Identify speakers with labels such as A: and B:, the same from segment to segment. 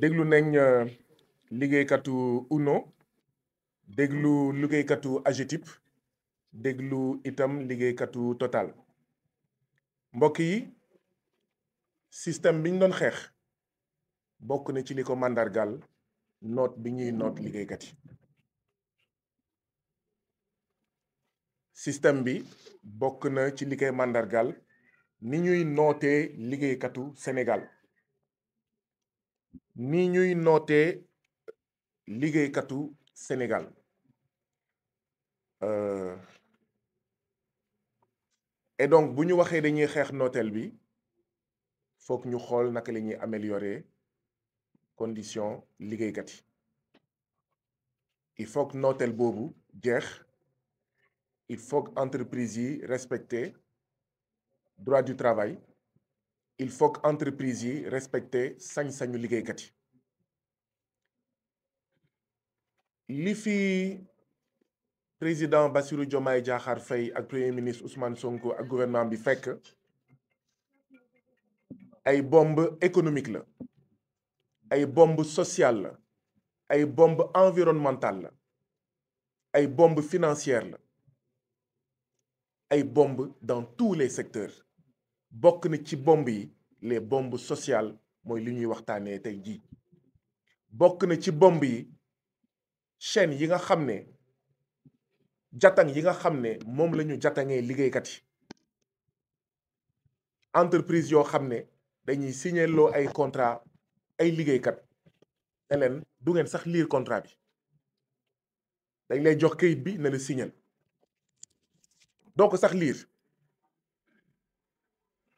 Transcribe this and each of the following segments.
A: déglu nañ euh, liggéeykatu UNO déglu liggéeykatu AGETIP déglu itam liggéeykatu Total mbokk yi système bi doon xeex bokk na ci li ko màndargaal noot bi ñuy noot liggéeykat yi système bi bokk na ci li koy màndargaal ni ñuy nootee liggéeykatu Sénégal ni ñuy nootee katu Sénégal euh, et donc bu ñu waxee dañuy xeex notel bi foog ñu xool naka la ñuy améliorer condition liggéeykat yi il faut que nooteel boobu jeex il faut que entreprise yi respecter droit du travail il faut que respecter respecte respectent sañ-sañu que yi président Bassirou Diomaye Diakhar premier ministre Ousmane Sonko le gouvernement bifek a une bombe économique la ay bombe sociale la bombe environnementale la bombe financière la bombe dans tous les secteurs bokk na ci bomb yi les bombes sociale mooy li ñuy waxtaanee tey jii bokk na ci bomb yi chaîne yi nga xam ne jatang yi nga xam ne moom la ñu jatangee liggéeykat yi entreprise yoo xam ne dañuy signeloo ay contrat ay liggéeykat ne du ngeen sax liir contrat bi dañ lay jox kayit bi ne la signel doo ko sax liir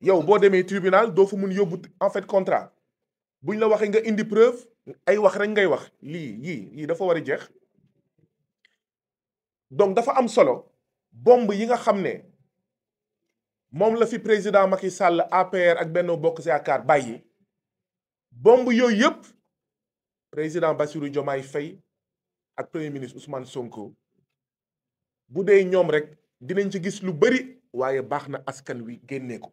A: yow boo demee tribunal doo fa mun yóbbu en fait contrat buñ la waxee nga indi preuve ay wax rek ngay wax lii yii yii dafa war a jeex donc dafa am solo bomb yi nga xam ne moom la fi président Macky Sall APR ak Benno Bokk Yaakaar bàyyi bomb yooyu yëpp président Bassirou Diomaye Faye ak premier ministre Ousmane Sonko bu dee ñoom rek dinañ ci gis lu bari waaye baax na askan wi génnee ko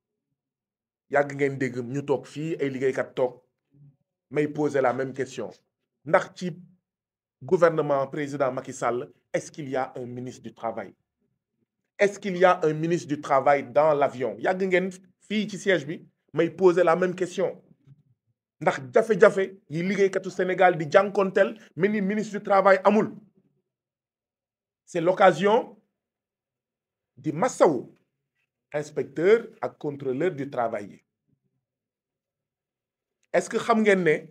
A: y a yàgg ngeen dégg ñu toog qui ay liggéeykat mais may poser la même question ndax ci gouvernement président Macky Sall est-ce qu'il y a un ministre du travail est-ce qu'il y a un ministre du travail dans l'avion y des filles qui ci siège bi may poser la même question ndax jafé jafé yi au Sénégal di jankontel mel ministre du travail amul c'est l'occasion di massaou inspecteur et contrôleur du travail est-ce que xam savez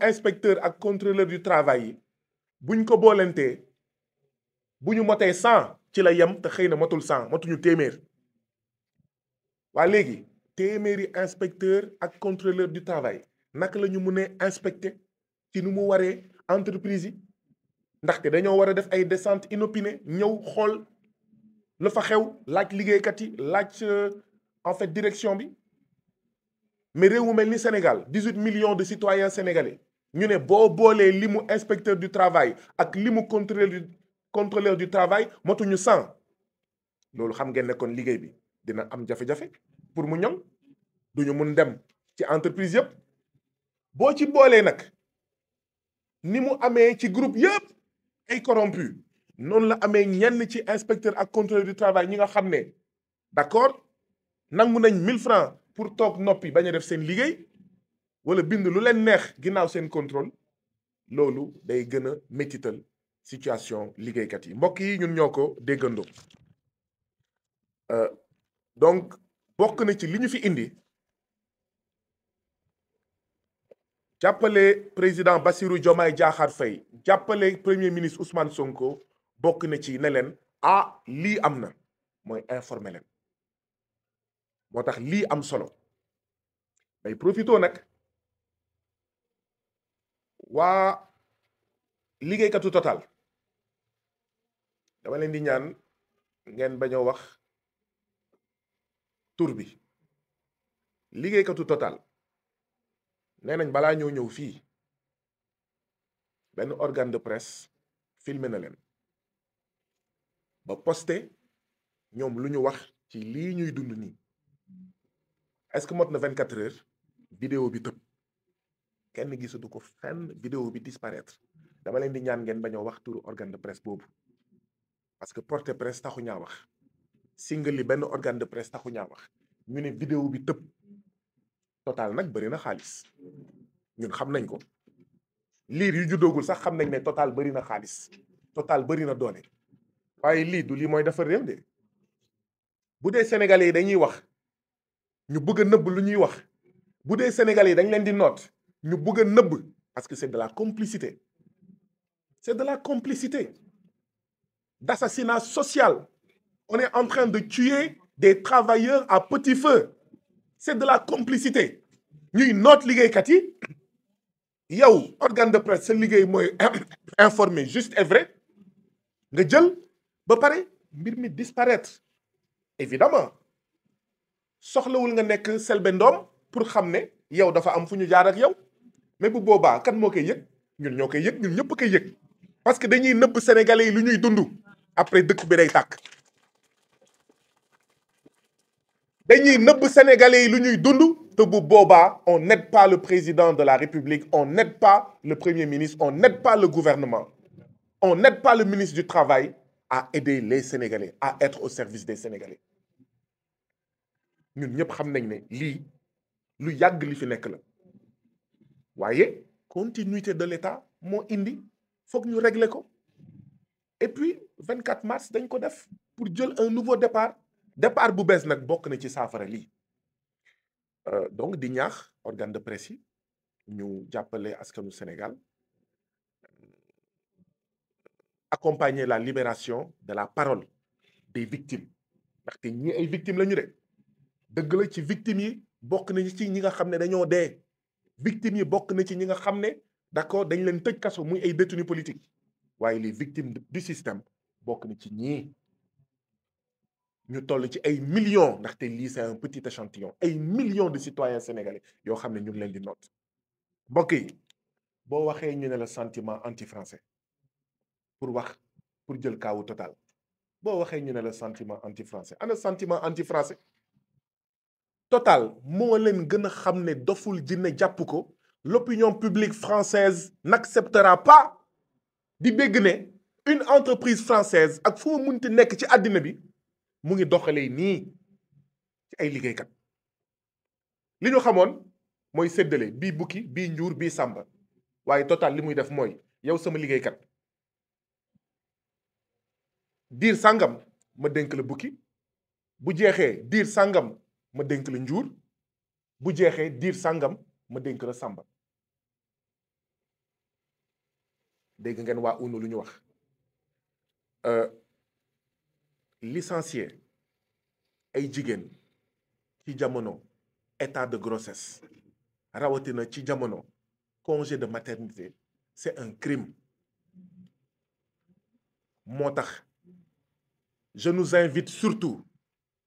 A: inspecteur ak contrôleur du travail buñ ko boolentee bu ñu motee ci la yem te inspecteur ak contrôleur du travail naka la ñu inspecter ci nu mu entreprise yi ndaxte def ay descente inopinée le fa xew liguey yi euh, en fait direction bi mais mel Sénégal 18 millions de citoyens sénégalais ñu ne bo limu inspecteur du travail ak limu contrôleur du contrôleur du travail motuñu 100 xam ngeen ne kon liguey bi dina am jafé jafé pour mu ñoŋ duñu mën dem ci entreprise yépp bo ci les nak ni mu amé ci groupe yépp ay corrompu non la amé ñenn ci inspecteur ak contrôleur du travail ñi nga xamné d'accord nangu nañ 1000 francs pour tok nopi baña def seen liguey wala bind lu leen neex ginnaw seen contrôle lolu day gëna métital situation kat yi mbokk yi ñun ñoko ko euh donc bokk na ci liñu fi indi jappelé président Bassirou Diomaye Diakhar Faye jappelé premier ministre Ousmane Sonko bokk na ci ne leen ah lii am na mooy informer leen moo tax lii am solo day profito nag waa liggéeykatu total dama leen di ñaan ngeen bañ a wax tur bi liggéeykatu total nee nañ balaa ñoo ñëw fii benn organe de presse filmé na leen ba poster ñom lu wax ci li ñuy dund ni est-ce que mot na 24 heures vidéo bi tepp kenn gisatu ko fenn vidéo bi disparaître dama leen di ñaan ngeen bañoo wax turu organe de presse boobu parce que porte presse taxu ñaa wax single li benn organe de presse taxu ñaa wax ñu ne vidéo bi total nag bëri na xaalis ñun xam nañ ko lire yu juddoogul sax xam nañ ne total bëri na xaalis total bëri na doole waaye lii du lii mooy defar réew de bu dee sénégalais yi dañuy wax ñu bëgg a nëbb lu ñuy wax bu dee sénégalais yi dañ leen di noot ñu bëgg a parce que c'est de la complicité c'est de la complicité d'assassinat social on est en train de tuer des travailleurs à petit feu c'est de la complicité ñuy noot liggéeykat yi yow organe de presse sa liggéey mooy informé juste et vrai nga jël ba paré mbir mi disparaître évidemment soxlawul nga nek selbe ndoom pour xamné yow dafa am fuñu jaar ak yow mais bu boba kan moo koy yëg ñun ñokay yek ñun ñëpp koy yek. parce que dañuy neub sénégalais yi lu ñuy dund après dëkk bi day tak dañuy neub sénégalais yi lu ñuy dund te bu Boba, on n'aide pas le président de la république on n'aide pas le premier ministre on n'aide pas le gouvernement on n'aide pas le ministre du travail à aider les Sénégalais à être au service des Sénégalais Nous que xam nañ ne lii lu yàgg li fi Voyez, la continuité de l'État mon indi faut ñu nous réglions. et puis 24 mars nous ko def pour jël un nouveau départ départ bu est euh, donc nous de presse à ce que nous Sénégal accompagner la libération de la parole des victimes ndaxte ñi ay victimes la ñu de la victimes yi bokk nañu ci ñi nga Les victimes yi bokk na ci ñi nga xam d'accord dañ leen tëj kaso muy ay détenus politiques les victimes du système bokk na ci ñii ñu toll ci ay millions parce que c'est un petit échantillon ay millions de citoyens sénégalais yoo xam ne ñu ngi leen di noot mbokk yi ñu la sentiment anti-français pour wax pour jël kaawu total bo waxé ñu né la sentiment anti français ana sentiment anti français total mo leen gën a xam doful jinne japp ko l'opinion publique française n'acceptera pas di dégg né une entreprise française ak fu mu munti nekk ci adina bi mu ngi doxalé ni ci ay kat li ñu xamone moy séddale bi bukki bi ñuur bi samba waye total li muy def moy yow sama kat Dir Sangam, ma denk le bouki. bu jexé Sangam, sangam ma denk le njour bu Sangam, sangam ma denk le samba. dégg ngeen wa euh, licencié ay kijamono, ci état de grossesse rawatina ci jamono congé de maternité c'est un crime motax je nous invite surtout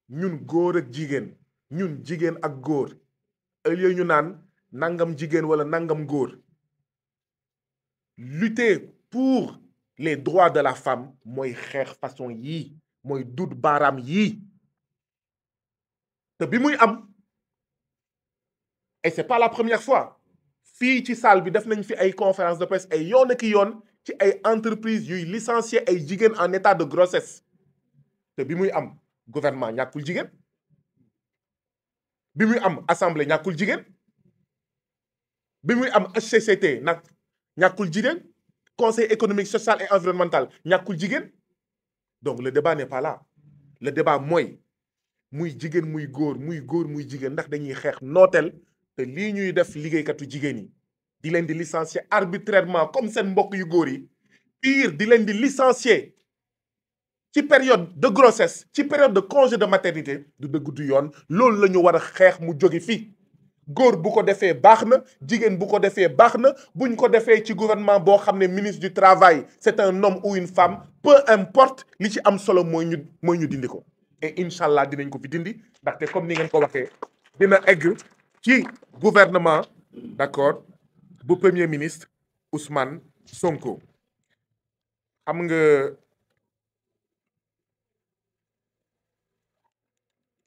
A: ñun nous ak jigen ñun jigen ak góor ëllëg ñu nan nangam jigen wala nangam lutter pour les droits de la femme moy façon yi, moy baram yi, te bi am et c'est pas la première fois fi ci salle bi def conférence de presse ay yoon ak ci entreprise yuy licencier ay en état de grossesse te bi muy am gouvernement ñàkkul jigen bi muy am assemblée ñàkkul jigen bi muy am HCCT nak ñàkkul jigen conseil économique social et environnemental ñàkkul jigen donc le débat n'est pas là le débat moy muy jigen muy góor muy góor muy jigen ndax dañuy xex notel te li ñuy def liggéeykatu jigen yi di leen di licencier arbitrairement comme sen un yu góor yi pire di leen di licencier ci période de grossesse ci période de congé de maternité du dëgg du yoon loolu la ñu war mu jóge fi góor bu ko defee baxna jigen bu ko defee baxna buñ ko defee ci gouvernement bo xamné ministre du travail c'est un homme ou une femme peu importe li ci am solo moy ñu moy ñu dindiko et inshallah dinañ ko fi dindi ndaxte comme ni ngeen ko waxé dina egg ci gouvernement d'accord bu premier ministre Ousmane Sonko xam nga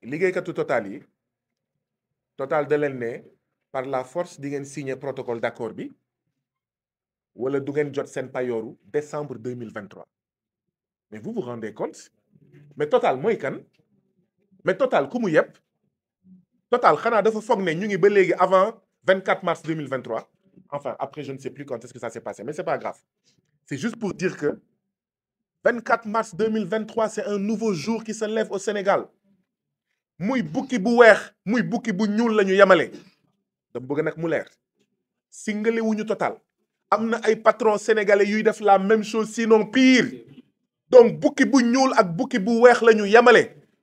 A: liggéeykatu total yi total de leen par la force di ngeen signer protocole d'accord bi wala du ngeen jot décembre 2023. mais vous vous rendez compte mais total mooy kan mais total ku total xanaa dafa foog ne ñu ngi ba avant vingt mars 2023 enfin après je ne sais plus quand est-ce que ça s'est passé mais c'est pas grave c'est juste pour dire que 24 mars 2023, c'est un nouveau jour qui se lève au Sénégal muy bukki bu muy bukki bu ñuul lañu dama bëgg mu leer wuñu total am ay patron sénégalais yuy def la même chose sinon pire donc bukki bu ñuul ak bukki bu weex lañu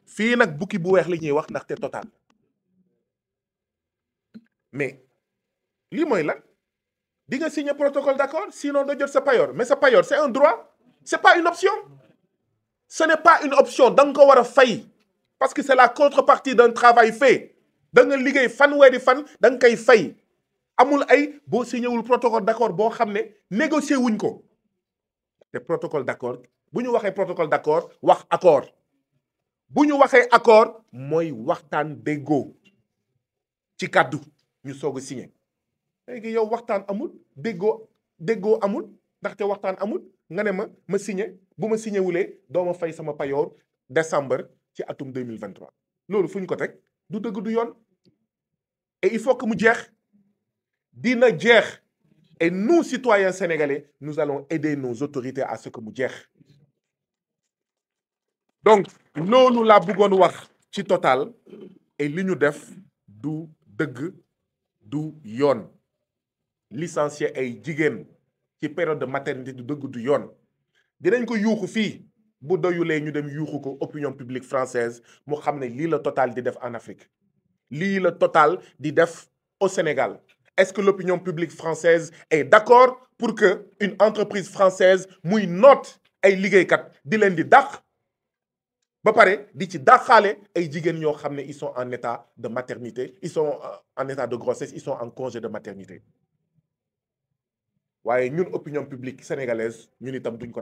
A: fii nag bukki bu weex ñuy wax total mais li mooy lan di nga signer protocole d'accord sinon jot mais sa c'est un droit c'est pas une option ce n'est pas une option da nga parce que c'est la contrepartie d'un travail fait da nga liggéey fanweeri fan da nga koy fay amul ay signé le protocole d'accord bon xamné, négocier wuñ ko te protocole d'accord bu ñu protocole d'accord wax accord bu ñu waxee accord moy waxtan d'ego. ci cadeau, ñu soog a signé léegi yow waxtan amul d'ego, d'ego amul ndaxte waxtan amul nga ne ma ma signé bu ma signé wulé, do ma fay sama payor, décembre ci Atom 2023 loolu nous ko teg du dëgg du et il faut que mu jeex dina et nous citoyens sénégalais nous allons aider nos autorités à ce que mu jeex donc nous, nous bëggoon wax ci total et li ñu def du dëgg du yoon licencié ay jigéen ci période de maternité du dëgg du yoon dinañ ko yuuxu bu doyulee ñu dem yuuxu ko opinion publique française mu xam ne lii la Total di def en Afrique lii la Total di def au Sénégal est-ce que l'opinion publique française est d'accord pour que une entreprise française muy note ay liggéeykat di leen di dàq ba pare di ci dàqaale ay jigéen ñoo xam ne ils sont en état de maternité ils sont euh, en état de grossesse ils sont en congé de maternité waaye ñun opinion publique sénégalaise ñun itam duñ ko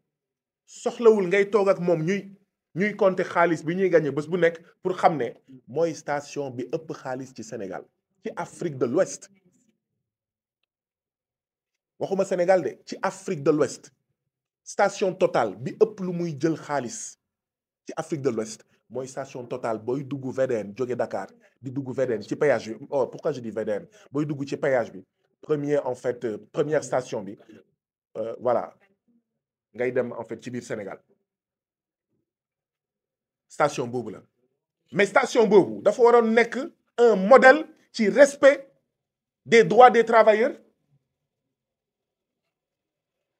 A: soxlawul ngay toog ak moom ñuy ñuy compter xaalis bi ñuy gagné bés bu nekk pour xam ne mooy station bi ëpp xaalis ci Sénégal ci Afrique de l'Ouest waxuma Sénégal de ci Afrique de l'Ouest station Total bi ëpp lu muy jël xaalis ci Afrique de l'Ouest mooy station Total booy dugg VDN jóge Dakar di dugg VDN ci péage bi oh pourquoi je dis VDN booy dugg ci péage bi premier en fait euh, première station bi euh, voilà ngay dem en fait ci au Sénégal station boobu la mais station boobu dafa waroon nekk un modèle qui respecte des droits des travailleurs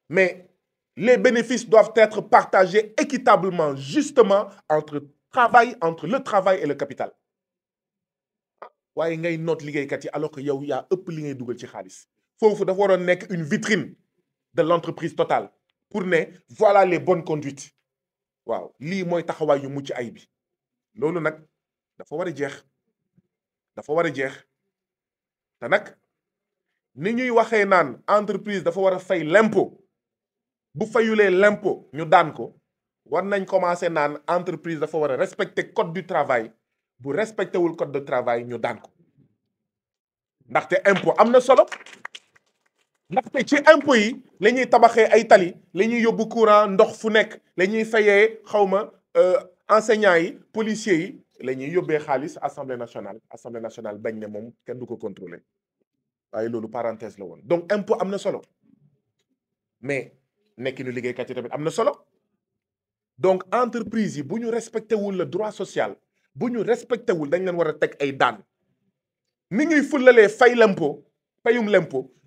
A: mais les bénéfices doivent être partagés équitablement justement entre travail entre le travail et le capital waaye ngay noot kat yi alors que yow yaa ëpp li ngay dugal ci xaalis foofu dafa waroon nekk une vitrine de l'entreprise totale pour ne voilà les bonnes conduites Wow. li moy taxaway yu mucc bi Lolu nak dafa wara jeex dafa wara jeex entreprise dafa wara fay l'impôt bu fayulé l'impôt ñu ko entreprise dafa respecter code du travail bu respecté le code de travail ñu ko solo ndaxte ci impôts yi la ñuy tabaxee ay tali la ñuy yóbbu courant ndox fu nekk la ñuy fayee xawma euh, enseignants yi policiers yi la ñuy yóbbee xaalis assemblée nationale assemblée nationale bañ ne moom kenn du ko contrôler waaye loolu parenthèse la woon donc impôt am na solo mais nekkinu liggéeykat yi tamit am na solo donc entreprise yi bu ñu respecté wul le droit social bu ñu respecté wul dañ leen war a teg ay daan ni ñuy fullalee fay l'impôt payum l'impôt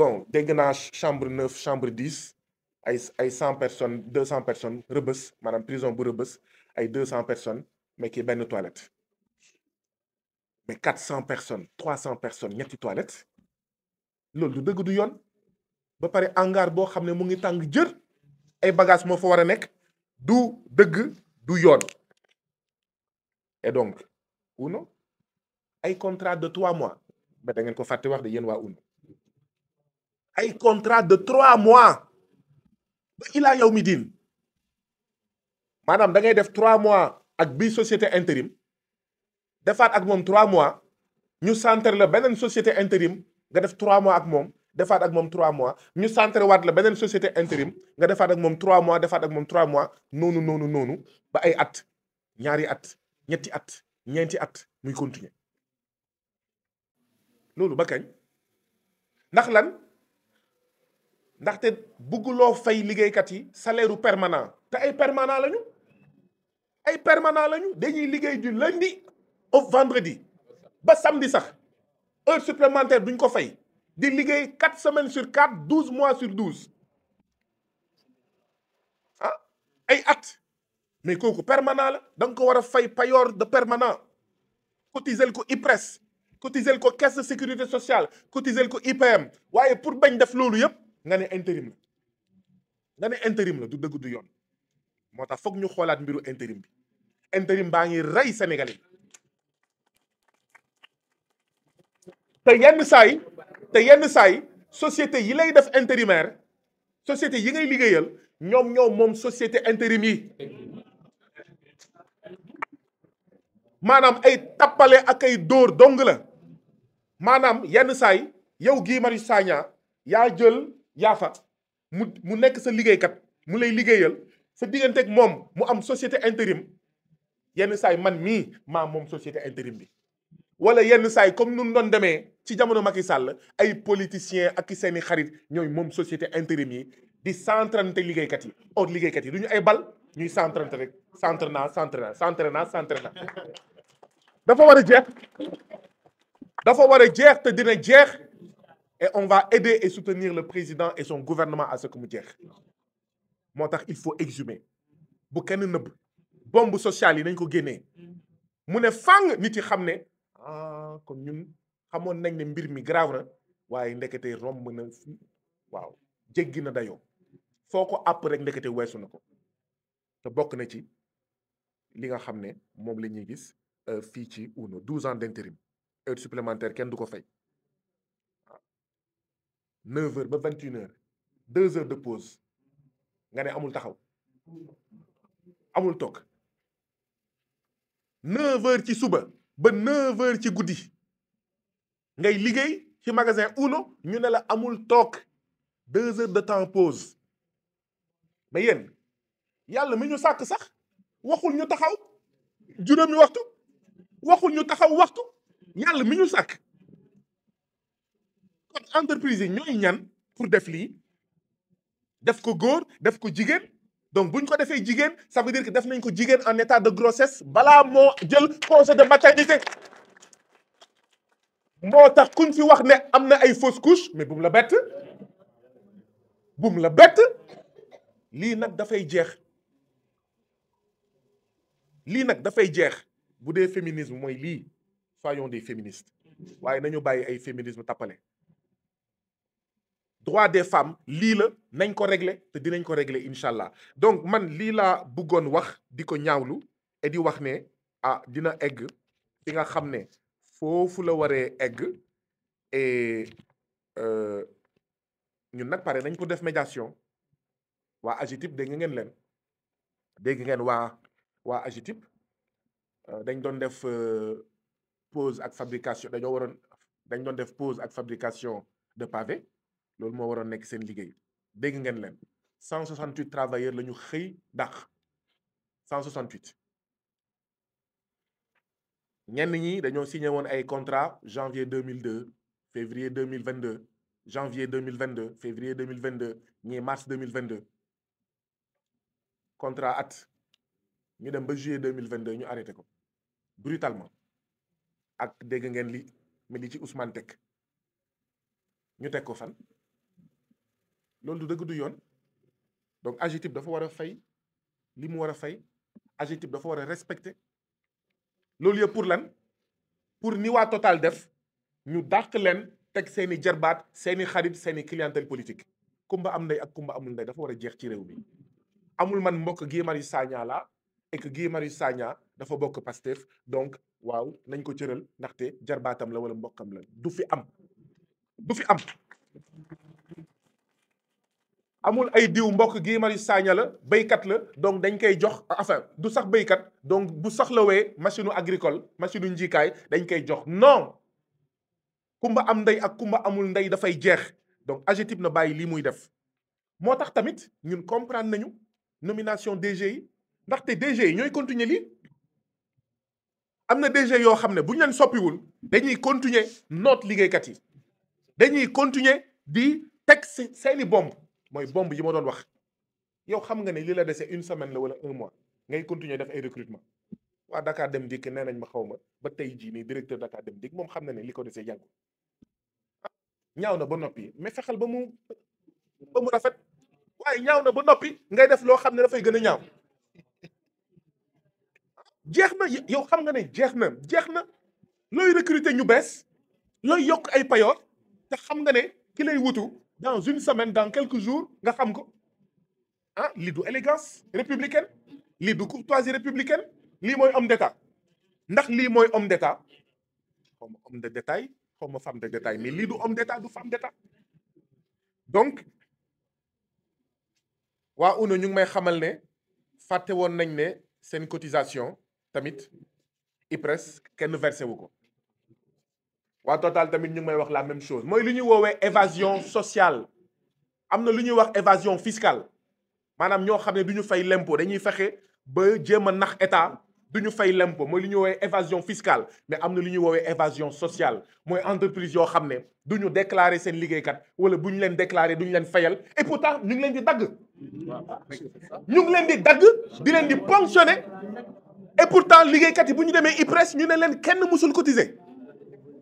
A: Bon, dégénage chambre 9, chambre 10, il y a 100 personnes, 200 personnes, rebus, madame prison pour rebus, il y a 200 personnes, mais qui est une toilette. Mais 400 personnes, 300 personnes, il y a une toilette. C'est ce que je veux dire. Quand y a un hangar qui est en train de se bagages qui sont en train de se du yon. Et donc, ou non, un contrat de 3 mois, vous avez fait le contrat de 3 mois. ay contrat de trois mois ba ilaa yow mi diin maanaam da ngay def trois mois ak bii société intérim defaat ak moom trois mois ñu centre la beneen société intérim nga def trois mois ak moom defaat ak moom trois mois ñu centre waat la beneen société intérim nga defaat ak moom trois mois defaat ak moom trois mois noonu noonu noonu ba ay at ñaari at ñetti at ñeenti at muy continuer loolu ba kañ ndax lan ndaxte avons fay liggéeykat salaire permanent te ay permanent lañu ay permanent lañu du lundi au vendredi ba samedi sax supplémentaire duñ ko fay 4 semaines sur 4, 12 mois sur 12. ah ay at mais kooku permanent la de permanent cotiser ko IPRES cotiser ko caisse de sécurité sociale cotiser ko IPM pour bañ def nga ne intérim la nga ne intérim la du dëgg du yoon moo tax foog ñu xoolaat mbiru intérim bi intérim baa ngi rey Sénégalais te yenn saa te yenn saa yi société yi lay def intérimaire société yi ngay liggéeyal ñoom ñoom moom société intérim yi maanaam ay tappale ak ay dóor dong la maanaam yenn saay yow Guy Marius Sagna yaa jël yaa fa mu mu nekk sa liggéeykat mu lay liggéeyal sa digganteeg moom mu am société intérim yenn saay man mii maa moom société intérim bi wala yenn saay comme nun doon demee ci jamono Macky Sall ay politiciens ak seen i xarit ñooy moom société intérim yi di centre te liggéeykat yi or liggéeykat yi du ñu ay bal ñuy centre rek centre naa centre naa centre naa centre naa dafa war a jeex dafa war a jeex te dina jeex et on va aider et soutenir le président et son gouvernement à ce que mu jeex il faut exhumer bu kenn nëbb bombe sociale yi nañ ko génnee mu ne fang nit yi xam ah kon ñun xamoon nañ ne mbir mi grave na waaye ndekete romb na waaw jéggi na dayoo foo ko àpp rek ndekete weesu na ko te bokk na ci li nga xam ne moom la ñuy gis euh, fii ci uno douze ans d'intérim heure supplémentaire kenn du fay neuf heures ba vingt une heures deux heures de pause nga ne amul taxaw amul toog neuf heures ci suba ba neuf ci guddi ngay liggéey ci magasin Uno ñu ne la amul toog deux heures de temps pause mais yàlla mi ñu sàkk sax waxul ñu taxaw juróomi waxtu waxul ñu taxaw waxtu yàlla mi ñu sàkk kon entreprise yi ñooy ñan pour def lii def ko góor def ko jigéen donc buñ ko defee jigéen ça veut dire que def nañ ko jigéen en état de grossesse balaa moo jël congé de maternité moo tax kuñ fi wax ne am na ay fausse couche mais bum la bett bum la bett lii nag dafay jeex lii nag dafay jeex bu dee féminisme mooy lii soyons des féministes waaye nañu bàyyi ay féminisme tappale droit des femmes lii la nañ ko régler te dinañ ko régler inshallah. donc man bëggoon wax di ñaawlu et di wax ne ah dina egg fi nga xam ne foofu la waree egg et euh, ñun nag pare nañ ko def médiation waa agitip dégg ngeen leen dégg ngeen waa waa euh, dañ doon def euh, ak fabrication dañoo waroon dañ doon def fabrication de pavé loolu moo waroon nekk seen liggéey dégg ngeen 168 travailleurs la ñu xëy 168. ñenn ñi signé un ay contrat janvier 2002 février 2022 janvier 2022 février 2022 mars 2022 contrat at ñu dem ba juillet 2022 ñu arrêté ko brutalement ak dégg ngeen li mi li ci Ousmane Tek ñu teg ko fan loolu du dëgg du yoon donc AGETIP dafa war a fay li mu war a fay AGETIP dafa war a respecter loolu yëpp pour lan pour ni waa Total def ñu dàq leen teg seeni jarbaat seeni xarit seeni clientèle politique kumba am nday ak kumba amul nday dafa war a jeex ci réew mi amul man mbokk Guy Marius Sagna la et que Guy Marius Sagna dafa bokk Pastef donc waaw nañ ko cëral ndaxte jarbaatam la wala mbokkam la du fi am du fi am amul ay diw mbokk gi mari Sagna la donc dañ koy jox enfin du sax donc bu machine agricole machine dañ koy jox non kumba am ndey ak kumba amul ndey fay jeex donc Agitip ne li muy def motax tamit ñun comprendre nañu nomination DG yi DG ñoy continuer li amna DG yo xamné ne bu ñu leen de dañuy continuer Ligue kat yi dañuy continuer di mooy bomb yi ma doon wax yow xam nga ne lii la desee une semaine la wala un mois ngay continuer def ay recrutement waa Dakar Dem Dikk nee nañ ma xaw ma ba tey jii nii directeur Dakar Dem Dikk moom xam na ne li ko dese yàggul ñaaw na ba noppi mais fexeel ba mu ba mu rafet waaye ñaaw na ba noppi ngay def loo xam ne dafay gën a ñaaw jeex na yow xam nga ne jeex na jeex na looy recruter ñu bees looy yokk ay payoor te xam nga ne ki lay wutu dans une semaine dans quelques jours nga xam ko hein élégance républicaine lii du courtoisie républicaine li moy homme d'état ndax li moy homme d'état Comme homme de détail comme femme de détail mais lii du homme d'état du femme d'état donc wa UNO ñu ngi may xamal ne faté won nañ ne sen cotisation tamit IPRES kenn versé wa Total tamit ñu ngi may wax la même chose moy lu ñuy woowee évasion sociale amna na lu wax évasion fiscale manam ño xamné duñu fay l'impôt dañuy fexé ba jema nax état duñu fay l'impôt moy lu ñuy woowee évasion fiscale mais amna na lu ñuy évasion sociale moy entreprise yo xamné duñu du ñu déclarer seen liggéeykat wala bu leen déclarer du leen fayal et pourtant ñu ngi leen di dag ñu ngi leen di dag di leen di ponctionner et pourtant liggéeykat yi buñu démé demee ñu ne leen kenn musul cotiser.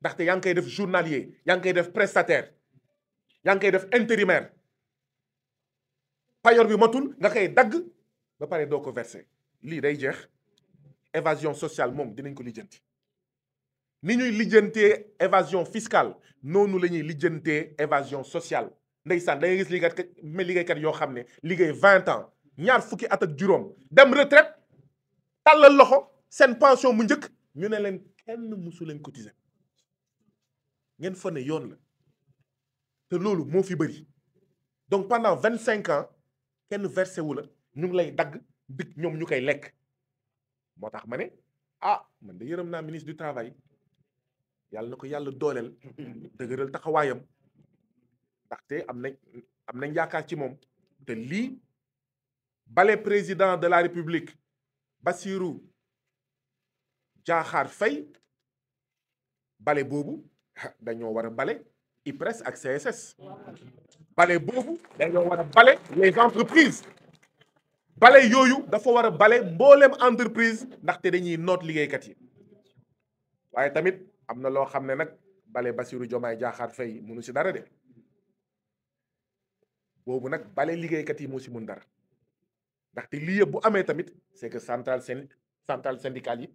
A: ndaxte yaa ngi koy def journalier yaa ngi koy def prestataire yaa ngi koy def intérimaire payoor bi matul nga koy dagg ba pare doo ko verser lii day jeex évasion sociale moom dinañ ko lijjanti ni ñuy lijjantee évasion fiscale noonu la ñuy lijjantee évasion sociale ndeysaan da ngay gis liggéeykat mais liggéeykat yoo xam ne liggéey vingt ans ñaar fukki at ak juróom dem retraite tàllal loxo seen pension mu njëkk ñu ne leen kenn mësu leen cotiser ngeen fa ne yoon la te loolu moo fi bëri donc pendant 25 ans kenn versé wu ñu lay dagg ñoom ñu koy lekk ah man de yërëm ministre du travail yàlla na ko yàlla dooleel dëgëral taxawaayam ndaxte am ci président de la république Bassirou Fay, bale dañoo war a bale IPRES ak CSS bale boobu dañoo war a bale les entreprises bale yooyu dafa war a bale mbooleem entreprise ndaxte dañuy noot liggéeykat yi waaye tamit am na loo xam ne nag bale Bassirou Diomaye Diakhar Faye mënu si dara de boobu nag bale liggéeykat yi moo si mun dara ndaxte lii bu amee tamit c'est que central seen central syndical yi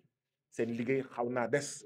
A: seen liggéey xaw naa des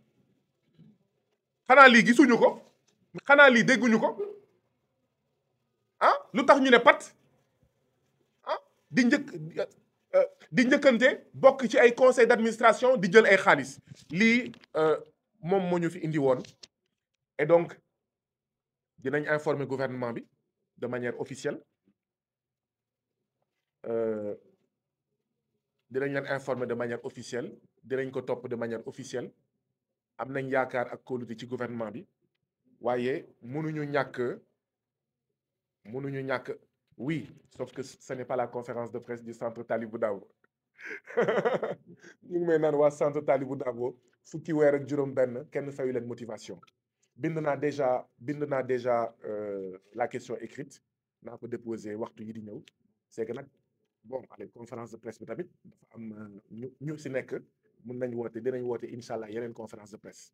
A: xana li gisuñu ko xana li dégguñu ko ah lutax ñu ne pat ah di ñëk euh, di njëkkante bokk ci ay conseil d'administration di jël ay xaalis li euh mom moñu fi indi won et donc dinañ informer gouvernement bi de manière officielle euh, dinañ leen informer de manière officielle dinañ ko top de manière officielle am nañ yaakaar ak kóolute ci gouvernement bi waaye mënuñu ñàkk mënuñu ñàkk oui sauf que ce n'est pas la conférence de presse du centre Talibou Dabo ñu ngi may naan waa centre Talibou Dabo fukki weer ak juróom benn kenn fayu leen motivation bind naa déjà bind naa déjà euh, la question écrite naa ko déposé waxtu yi di ñëw c'est que nag bon allez conférence de presse bi tamit dafa am euh, ñu ñu si nekk mën nañ woote dinañ woote incha allah yeneen conférence de presse